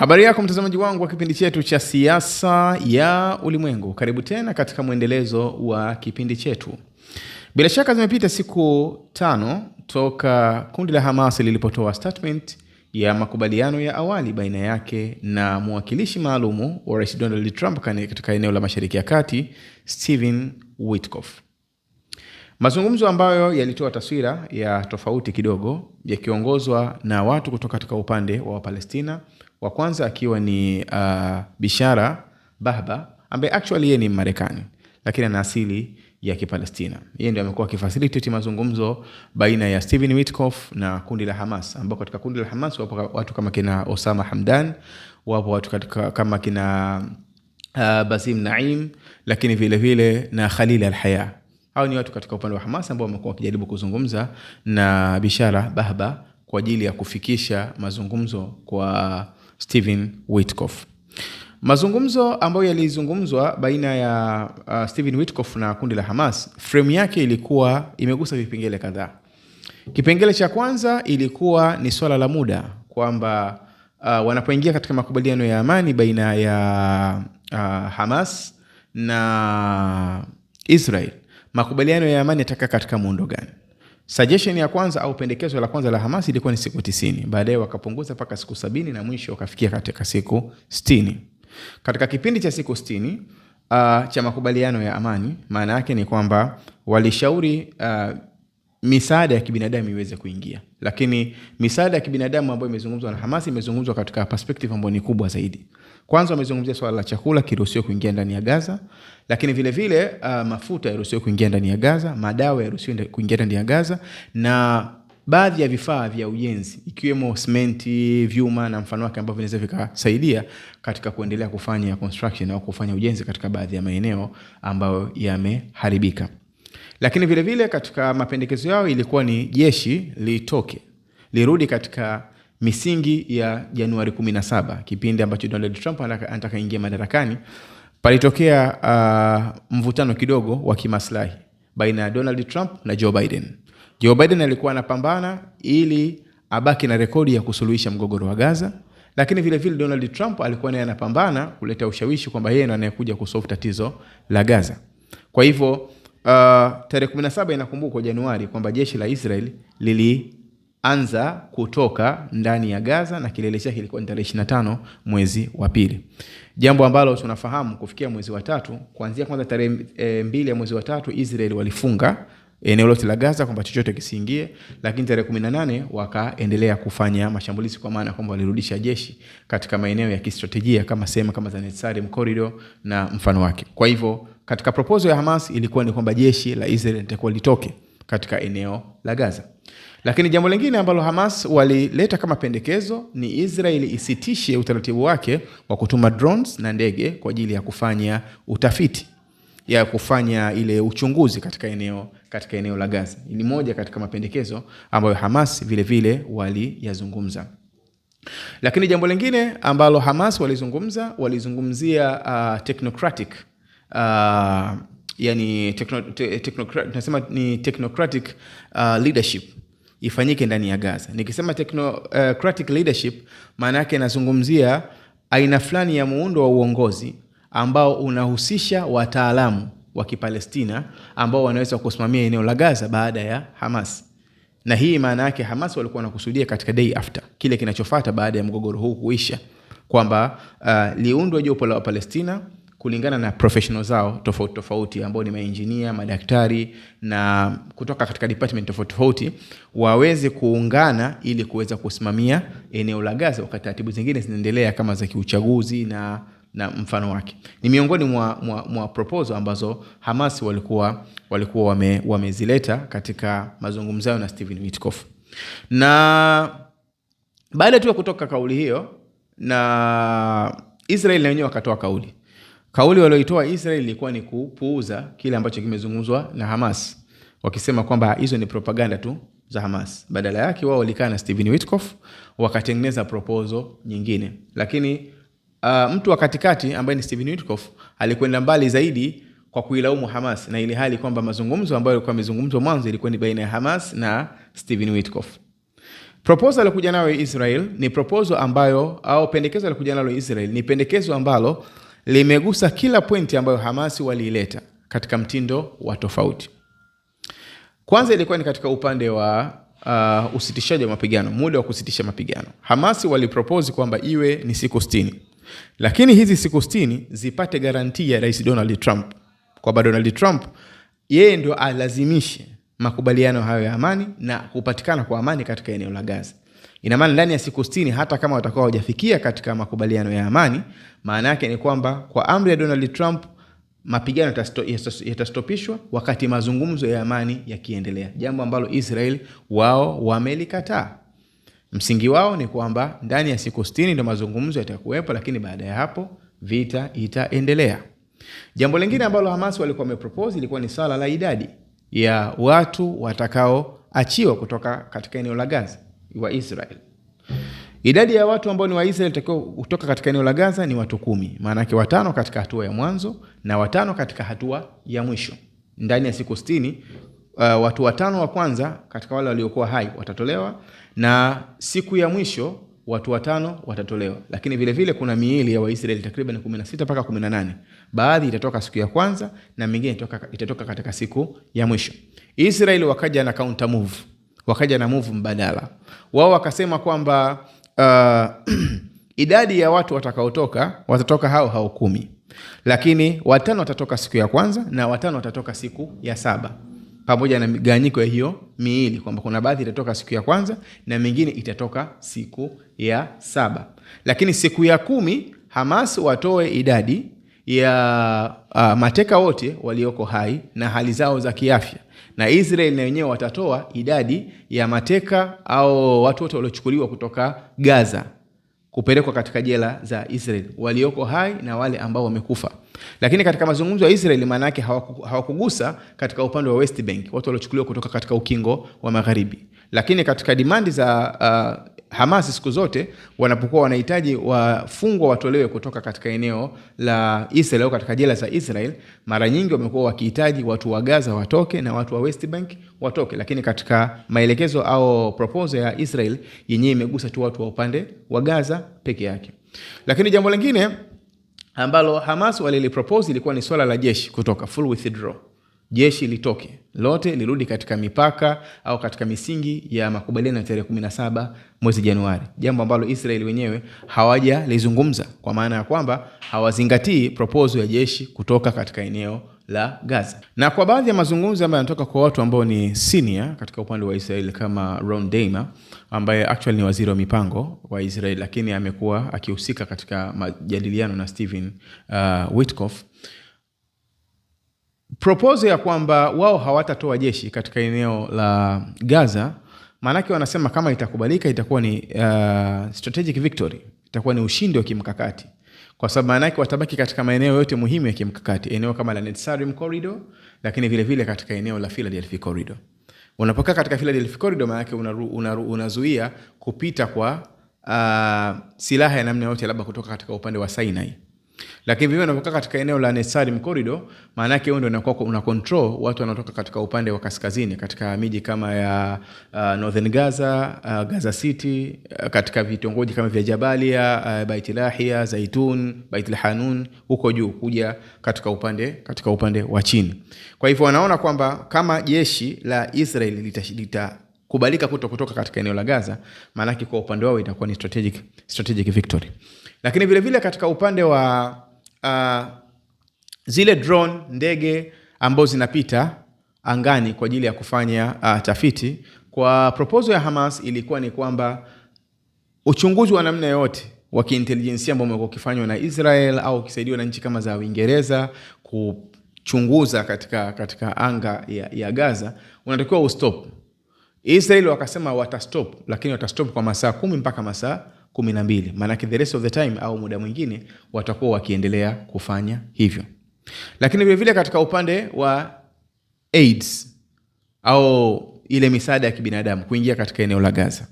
Habari yako mtazamaji wangu wa kipindi chetu cha siasa ya ulimwengu, karibu tena katika mwendelezo wa kipindi chetu. Bila shaka zimepita siku tano toka kundi la Hamas lilipotoa statement ya makubaliano ya awali baina yake na mwakilishi maalumu wa Rais Donald Trump katika eneo la Mashariki ya Kati, Stephen Witkoff, mazungumzo ambayo yalitoa taswira ya tofauti kidogo, yakiongozwa na watu kutoka katika upande wa Wapalestina wa kwanza akiwa ni uh, Bishara Bahba ambaye actually yeye ni Marekani lakini ana asili ya Kipalestina. Yeye ndio amekuwa akifacilitate mazungumzo baina ya Steven Witkoff na kundi la Hamas, ambao katika kundi la Hamas wapo watu kama kina Osama Hamdan, wapo watu katika kama kina uh, Basim Naim, lakini vile vile na Khalil Al-Haya. Hao ni watu katika upande wa Hamas ambao wamekuwa wakijaribu kuzungumza na Bishara Bahba kwa ajili ya kufikisha mazungumzo kwa Stephen Witkoff. Mazungumzo ambayo yalizungumzwa baina ya uh, Stephen Witkoff na kundi la Hamas, fremu yake ilikuwa imegusa vipengele kadhaa. Kipengele cha kwanza ilikuwa ni swala la muda kwamba uh, wanapoingia katika makubaliano ya amani baina ya uh, Hamas na Israel, makubaliano ya amani yatakaa katika muundo gani? Suggestion ya kwanza au pendekezo la kwanza la Hamas ilikuwa ni siku tisini, baadaye wakapunguza mpaka siku sabini na mwisho wakafikia katika siku sitini. Katika kipindi cha siku sitini uh, cha makubaliano ya amani, maana yake ni kwamba walishauri uh, misaada ya kibinadamu iweze kuingia, lakini misaada ya kibinadamu ambayo imezungumzwa na Hamas imezungumzwa katika perspective ambayo ni kubwa zaidi. Kwanza wamezungumzia swala la chakula kiruhusiwa kuingia ndani ya Gaza, lakini vilevile vile, uh, mafuta yaruhusiwa kuingia ndani ya Gaza, madawa yaruhusiwa kuingia ndani ya Gaza na baadhi ya vifaa vya ujenzi ikiwemo smenti vyuma na mfano wake ambavyo vinaweza vikasaidia katika kuendelea kufanya construction au kufanya ujenzi katika baadhi ya maeneo ambayo yameharibika. Lakini vilevile vile katika mapendekezo yao ilikuwa ni jeshi litoke lirudi katika misingi ya Januari 17 kipindi ambacho Donald Trump anataka ingia madarakani. Palitokea uh, mvutano kidogo wa kimaslahi baina ya Donald Trump na Joe Biden. Joe Biden alikuwa anapambana ili abaki na rekodi ya kusuluhisha mgogoro wa Gaza, lakini vile vile Donald Trump alikuwa naye anapambana kuleta ushawishi kwamba yeye ndo anayekuja kusolve tatizo la Gaza. Kwa hivyo Uh, tarehe 17 inakumbukwa Januari kwamba jeshi la Israel lilianza kutoka ndani ya Gaza na kilele chake kilikuwa ni tarehe 25 mwezi wa pili, jambo ambalo tunafahamu kufikia mwezi wa tatu, kuanzia kwanza tarehe eh, mbili ya mwezi wa tatu Israel walifunga eneo lote la Gaza kwamba chochote kisiingie, lakini tarehe kumi na nane wakaendelea kufanya mashambulizi, kwa maana kwamba walirudisha jeshi katika maeneo ya kistratejia kama sehemu kama za Netsarim corridor na mfano wake. Kwa hivyo katika proposal ya Hamas ilikuwa ni kwamba jeshi la Israel litakuwa litoke katika eneo la Gaza. Lakini jambo lingine ambalo Hamas walileta kama pendekezo ni Israeli isitishe utaratibu wake wa kutuma drones na ndege kwa ajili ya kufanya utafiti ya kufanya ile uchunguzi katika eneo, katika eneo la Gaza. Ni moja katika mapendekezo ambayo Hamas vile vile waliyazungumza. Lakini jambo lingine ambalo Hamas walizungumza, walizungumzia uh, technocratic uh, yani techno, te, technocratic, nasema ni technocratic uh, leadership ifanyike ndani ya Gaza. Nikisema technocratic uh, leadership maana yake nazungumzia aina fulani ya muundo wa uongozi ambao unahusisha wataalamu wa Kipalestina ambao wanaweza kusimamia eneo la Gaza baada ya Hamas. Na hii maana yake Hamas walikuwa wanakusudia katika day after, kile kinachofuata baada ya mgogoro huu kuisha, kwamba uh, liundwe jopo la Wapalestina kulingana na professional zao tofauti tofauti ambao ni maengineer, madaktari na kutoka katika department tofauti tofauti waweze kuungana ili kuweza kusimamia eneo la Gaza wakati taratibu zingine zinaendelea kama za kiuchaguzi na na mfano wake. Ni miongoni mwa, mwa, mwa proposal ambazo Hamas walikuwa, walikuwa wame, wamezileta katika mazungumzo yao na Steven Witkoff. Na baada tu ya kutoka kauli hiyo na Israel na wenyewe wakatoa kauli. Kauli walioitoa Israel ilikuwa ni kupuuza kile ambacho kimezungumzwa na Hamas, wakisema kwamba hizo ni propaganda tu za Hamas. Badala yake wao walikaa na Steven Witkoff wakatengeneza proposal nyingine, lakini uh, mtu wa katikati ambaye ni Steven Witkoff alikwenda mbali zaidi kwa kuilaumu Hamas na ili hali kwamba mazungumzo ambayo yalikuwa yamezungumzwa mwanzo ilikuwa ni baina ya Hamas na Steven Witkoff. Proposal alikuja nayo Israel ni proposal ambayo au pendekezo alikuja nalo Israel ni pendekezo ambalo limegusa kila pointi ambayo Hamas waliileta katika mtindo wa tofauti. Kwanza ilikuwa ni katika upande wa uh, usitishaji wa mapigano, muda wa kusitisha mapigano. Hamas walipropose kwamba iwe ni siku sitini. Lakini hizi siku sitini zipate garanti ya Rais Donald Trump, kwamba Donald Trump yeye ndio alazimishe makubaliano hayo ya amani na kupatikana kwa amani katika eneo la Gaza. Ina maana ndani ya siku sitini hata kama watakuwa hawajafikia katika makubaliano ya amani, maana yake ni kwamba kwa amri ya Donald Trump mapigano yatastopishwa wakati mazungumzo ya amani yakiendelea, jambo ambalo Israel wao wamelikataa. Msingi wao ni kwamba ndani ya siku sitini ndo mazungumzo yatakuwepo, lakini baada ya hapo vita itaendelea. Jambo lingine ambalo Hamas walikuwa wamepropose ilikuwa ni swala la idadi ya watu watakaoachiwa kutoka katika eneo la Gaza wa Israel. Idadi ya watu ambao ni Waisrael takiwa kutoka katika eneo la Gaza ni watu kumi, maanake watano katika hatua ya mwanzo na watano katika hatua ya mwisho ndani ya siku sitini uh, watu watano wa kwanza katika wale waliokuwa hai watatolewa, na siku ya mwisho watu watano watatolewa. Lakini vile vile kuna miili ya Waisraeli takriban 16 mpaka 18, baadhi itatoka siku ya kwanza na mingine itatoka, itatoka katika siku ya mwisho. Israeli wakaja na counter move, wakaja na move mbadala wao, wakasema kwamba uh, idadi ya watu watakaotoka watatoka hao hao kumi, lakini watano watatoka siku ya kwanza na watano watatoka siku ya saba pamoja na migawanyiko ya hiyo miili, kwamba kuna baadhi itatoka siku ya kwanza na mingine itatoka siku ya saba. Lakini siku ya kumi Hamas watoe idadi ya uh, mateka wote walioko hai na hali zao za kiafya, na Israel na wenyewe watatoa idadi ya mateka au watu wote waliochukuliwa kutoka Gaza kupelekwa katika jela za Israel, walioko hai na wale ambao wamekufa. Lakini katika mazungumzo ya israel maana yake hawakugusa katika upande wa West Bank, watu waliochukuliwa kutoka katika ukingo wa magharibi. Lakini katika dimandi za uh, Hamas siku zote wanapokuwa wanahitaji wafungwa watolewe kutoka katika eneo la Israel au katika jela za Israel, mara nyingi wamekuwa wakihitaji watu wa Gaza watoke na watu wa West Bank watoke, lakini katika maelekezo au proposal ya Israel yenyewe imegusa tu watu wa upande wa Gaza peke yake. Lakini jambo lingine ambalo Hamas walilipropose ilikuwa ni swala la jeshi kutoka full withdraw jeshi litoke lote lirudi katika mipaka au katika misingi ya makubaliano ya tarehe 17 mwezi Januari, jambo ambalo Israeli wenyewe hawajalizungumza kwa maana ya kwamba hawazingatii proposal ya jeshi kutoka katika eneo la Gaza. Na kwa baadhi ya mazungumzo ambayo yanatoka kwa watu ambao ni senior katika upande wa Israeli kama Ron Dermer ambaye actually ni waziri wa mipango wa Israeli, lakini amekuwa akihusika katika majadiliano na Stephen uh, Witkoff proposal ya kwamba wao hawatatoa jeshi katika eneo la Gaza, maanake wanasema kama itakubalika itakuwa ni uh, strategic victory, itakuwa ni ushindi wa kimkakati kwa sababu maanake watabaki katika maeneo yote muhimu ya kimkakati, eneo kama la Netsarim corridor, lakini vilevile vile katika eneo la Philadelphia corridor. Unapokaa katika Philadelphia corridor, maanake unazuia kupita kwa uh, silaha ya namna yote, labda kutoka katika upande wa Sinai lakini vile unavyokaa katika eneo la Nesarim corridor, maana yake wewe ndio unakuwa una control watu wanaotoka katika upande wa kaskazini katika miji kama ya uh, Northern Gaza, uh, Gaza City, uh, katika vitongoji kama vya Jabalia, uh, Bait Lahia, Zaitun, Bait Hanun huko juu kuja katika upande katika upande wa chini. Kwa hivyo wanaona kwamba kama jeshi la israel lita, lita kubalika kuto kutoka katika eneo la Gaza, maanake kwa upande wao itakuwa ni strategic, strategic victory. Lakini vilevile vile katika upande wa uh, zile drone ndege ambazo zinapita angani kwa ajili ya kufanya uh, tafiti, kwa proposal ya Hamas ilikuwa ni kwamba uchunguzi wa namna yote wa kiintelijensia ambao umekuwa ukifanywa na Israel au ukisaidiwa na nchi kama za Uingereza kuchunguza katika, katika anga ya, ya Gaza unatakiwa ustop Israel wakasema watastop, lakini watastop kwa masaa kumi mpaka masaa kumi na mbili maanake the rest of the time au muda mwingine watakuwa wakiendelea kufanya hivyo. Lakini vilevile katika upande wa AIDS au ile misaada ya kibinadamu kuingia katika eneo la Gaza,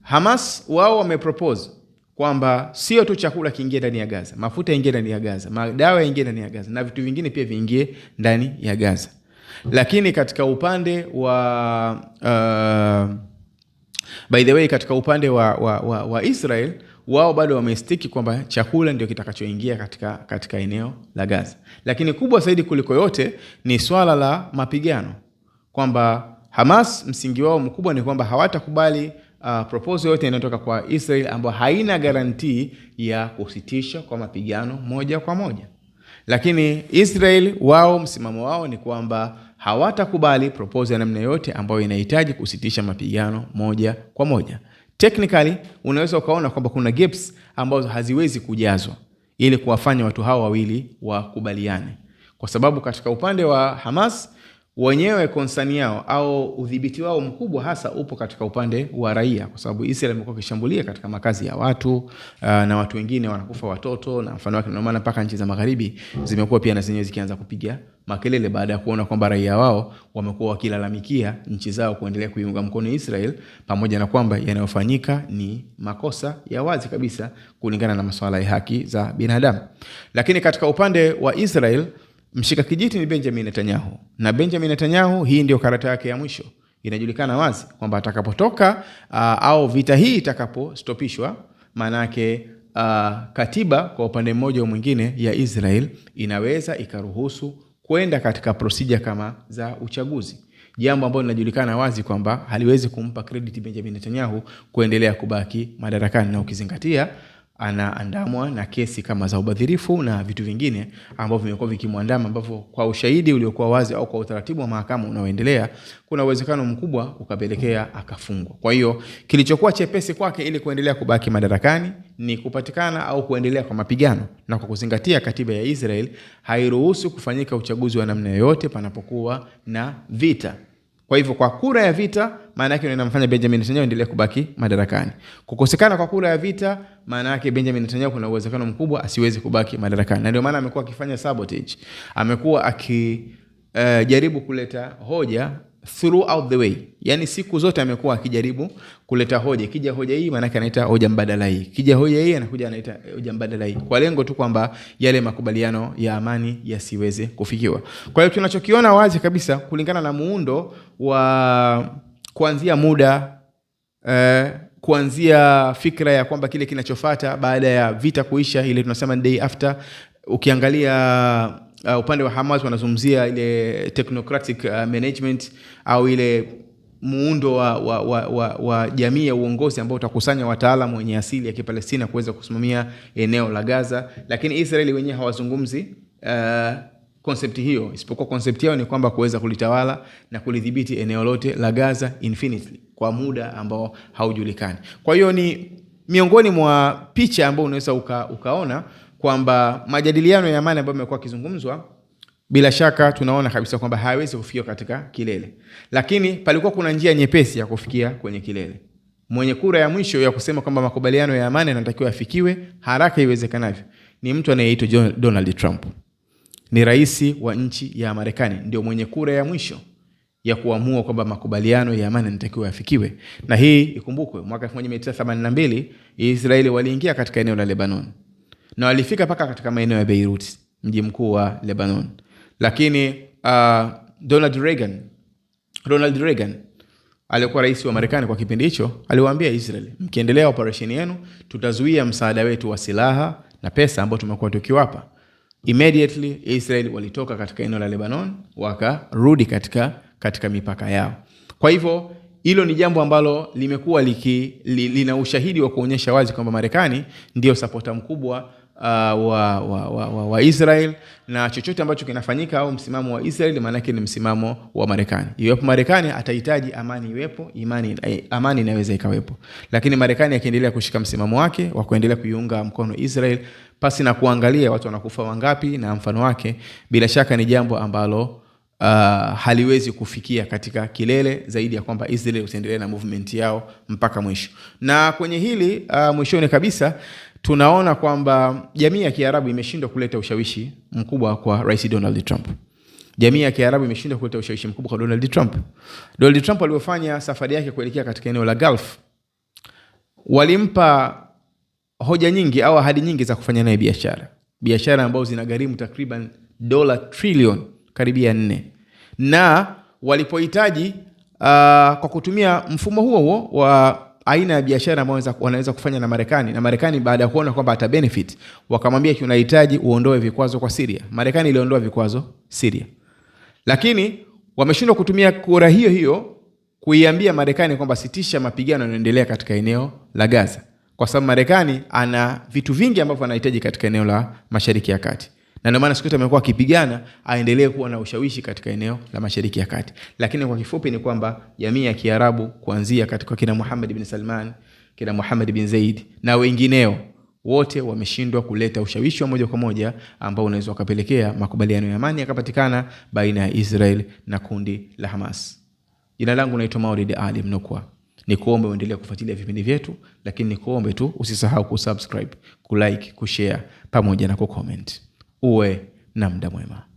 Hamas wao wamepropose kwamba sio tu chakula kiingie ndani ya Gaza, mafuta yaingie ndani ya Gaza, madawa yaingie ndani ya Gaza na vitu vingine pia viingie ndani ya Gaza. Lakini katika upande wa uh, by the way katika upande wa, wa, wa, wa Israel wao bado wamestiki kwamba chakula ndio kitakachoingia katika, katika eneo la Gaza, lakini kubwa zaidi kuliko yote ni swala la mapigano kwamba Hamas msingi wao mkubwa ni kwamba hawatakubali uh, proposal yote inayotoka kwa Israel ambayo haina garantii ya kusitisha kwa mapigano moja kwa moja. Lakini Israel wao msimamo wao ni kwamba hawatakubali propose ya namna yote ambayo inahitaji kusitisha mapigano moja kwa moja. Technically unaweza ukaona kwamba kuna gaps ambazo haziwezi kujazwa ili kuwafanya watu hao wawili wakubaliane, kwa sababu katika upande wa Hamas wenyewe konsani yao au udhibiti wao mkubwa hasa upo katika upande wa raia, kwa sababu Israel imekuwa ikishambulia katika makazi ya watu uh, na watu wengine wanakufa watoto na mfano wake. Ndio maana mpaka nchi za magharibi zimekuwa pia na zenyewe zikianza kupiga makelele baada ya kuona kwamba raia wao wamekuwa wakilalamikia nchi zao kuendelea kuiunga mkono Israel, pamoja na kwamba yanayofanyika ni makosa ya wazi kabisa kulingana na masuala ya haki za binadamu. Lakini katika upande wa Israel Mshika kijiti ni Benjamin Netanyahu, na Benjamin Netanyahu hii ndio karata yake ya mwisho. Inajulikana wazi kwamba atakapotoka uh, au vita hii itakapostopishwa, maanake uh, katiba kwa upande mmoja au mwingine ya Israel inaweza ikaruhusu kwenda katika prosija kama za uchaguzi, jambo ambalo linajulikana wazi kwamba haliwezi kumpa credit Benjamin Netanyahu kuendelea kubaki madarakani na ukizingatia anaandamwa na kesi kama za ubadhirifu na vitu vingine ambavyo vimekuwa vikimwandama, ambavyo kwa ushahidi uliokuwa wazi au kwa utaratibu wa mahakama unaoendelea, kuna uwezekano mkubwa ukapelekea akafungwa. Kwa hiyo kilichokuwa chepesi kwake ili kuendelea kubaki madarakani ni kupatikana au kuendelea kwa mapigano, na kwa kuzingatia katiba ya Israel hairuhusu kufanyika uchaguzi wa namna yoyote panapokuwa na vita. Kwa hivyo kwa kura ya vita, maana yake inamfanya Benjamin Netanyahu endelee kubaki madarakani. Kukosekana kwa kura ya vita, maana yake Benjamin Netanyahu kuna uwezekano mkubwa asiweze kubaki madarakani, na ndio maana amekuwa akifanya sabotage, amekuwa akijaribu eh, uh, kuleta hoja throughout the way, yani siku zote amekuwa akijaribu kuleta hoja. Kija hoja hii, maanake anaita hoja mbadala hii. Kija hoja hii, anakuja anaita hoja mbadala hii, kwa lengo tu kwamba yale makubaliano ya amani yasiweze kufikiwa. Kwa hiyo tunachokiona wazi kabisa kulingana na muundo wa kuanzia muda eh, kuanzia fikra ya kwamba kile kinachofata baada ya vita kuisha, ile tunasema day after, ukiangalia uh, upande wa Hamas wanazungumzia ile technocratic uh, management au ile muundo wa, wa, wa, wa, wa jamii ya uongozi ambao utakusanya wataalamu wenye asili ya Kipalestina kuweza kusimamia eneo la Gaza, lakini Israeli wenyewe hawazungumzi uh, konsepti hiyo, isipokuwa konsepti yao ni kwamba kuweza kulitawala na kulidhibiti eneo lote la Gaza infinitely kwa muda ambao haujulikani. Kwa hiyo ni miongoni mwa picha ambao unaweza uka, ukaona kwamba majadiliano ya amani ambayo yamekuwa yakizungumzwa bila shaka tunaona kabisa kwamba hayawezi kufikia katika kilele, lakini palikuwa kuna njia nyepesi ya kufikia kwenye kilele. Mwenye kura ya mwisho ya kusema kwamba makubaliano ya amani yanatakiwa yafikiwe haraka iwezekanavyo ni mtu anayeitwa Donald Trump, ni rais wa nchi ya Marekani, ndio mwenye kura ya mwisho ya kuamua kwamba makubaliano ya amani yanatakiwa yafikiwe. Na hii ikumbukwe, mwaka 1982 Israeli waliingia katika eneo la Lebanon na walifika mpaka katika maeneo ya Beirut, mji mkuu wa Lebanon. Lakini uh, Donald Reagan, Ronald Reagan aliyekuwa rais wa Marekani kwa kipindi hicho aliwaambia Israel, mkiendelea operesheni yenu tutazuia msaada wetu wa silaha na pesa ambao tumekuwa tukiwapa. Immediately Israel walitoka katika eneo la Lebanon wakarudi katika, katika mipaka yao. Kwa hivyo hilo ni jambo ambalo limekuwa li, lina ushahidi wa kuonyesha wazi kwamba Marekani ndiyo sapota mkubwa uh, wa, wa, wa, wa, wa Israel na chochote ambacho kinafanyika au msimamo wa Israel maana ni msimamo wa Marekani. iwepo Marekani atahitaji amani iwepo, imani, eh, amani inaweza ikawepo, lakini Marekani akiendelea kushika msimamo wake wa kuendelea kuiunga mkono Israel pasi na kuangalia watu wanakufa wangapi na mfano wake, bila shaka ni jambo ambalo uh, haliwezi kufikia katika kilele zaidi ya kwamba Israel utaendelea na movement yao mpaka mwisho. Na kwenye hili uh, mwishoni kabisa tunaona kwamba jamii ya Kiarabu imeshindwa kuleta ushawishi mkubwa kwa Rais Donald Trump. Jamii ya Kiarabu imeshindwa kuleta ushawishi mkubwa kwa Donald Trump. Donald Trump aliyofanya safari yake kuelekea katika eneo la Gulf, walimpa hoja nyingi au ahadi nyingi za kufanya naye biashara, biashara ambazo zinagharimu takriban dola trilioni karibia nne, na walipohitaji uh, kwa kutumia mfumo huo huo wa aina ya biashara ambayo wanaweza kufanya na Marekani na Marekani baada ya kuona kwamba ata benefit wakamwambia, tunahitaji uondoe vikwazo kwa Syria. Marekani iliondoa vikwazo Syria, lakini wameshindwa kutumia kura hiyo hiyo kuiambia Marekani kwamba sitisha mapigano yanayoendelea katika eneo la Gaza, kwa sababu Marekani ana vitu vingi ambavyo anahitaji katika eneo la Mashariki ya Kati na ndio maana siku zote amekuwa akipigana aendelee kuwa na ushawishi katika eneo la Mashariki ya Kati. Lakini kwa kifupi ni kwamba jamii ya Kiarabu kuanzia katika kina Muhammad bin Salman, kina Muhammad bin Zaid na wengineo wote wameshindwa kuleta ushawishi wa moja kwa moja ambao unaweza ukapelekea makubaliano ya amani yakapatikana baina ya Israel na kundi la Hamas. Jina langu naitwa Maulid Ali Mnukwa. kuombe uendelee kufuatilia vipindi vyetu, lakini ni kuombe tu usisahau kusubscribe, kulike, kushare pamoja na kucomment uwe na muda mwema.